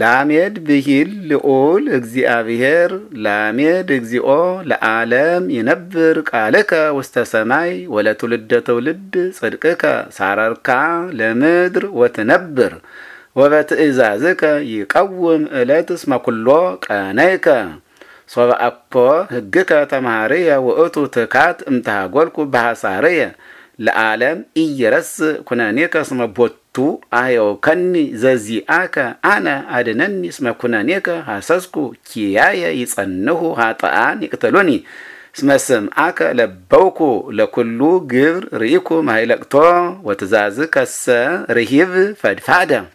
ላሜድ ብሂል ልኡል እግዚአብሔር ላሜድ እግዚኦ ለዓለም ይነብር ቃልከ ውስተ ሰማይ ወለትውልደ ትውልድ ጽድቅከ ሳረርካ ለምድር ወትነብር ወበትእዛዝከ ይቀውም እለት እስመ ኩሎ ቀነይከ ሶበ ህግከ ተማሃርየ ውእቱ ትካት እምተሃጐልኩ በሐሳርየ ለዓለም ኢየረስ ኩነኔከ እስመ ቦቱ ዘዚ ዘዚአከ አነ አድነኒ እስመ ኩነኔከ ሐሰስኩ ኪያየ ይጸንሁ ኃጥኣን ይቅተሉኒ እስመ አከ ለበውኩ ለኩሉ ግብር ርኢኩ ማይለቅቶ ወትዛዝ ከሰ ርሂብ ፈድፋደ